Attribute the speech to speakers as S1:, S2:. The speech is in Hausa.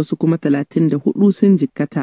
S1: wasu kuma 34 sun jikkata.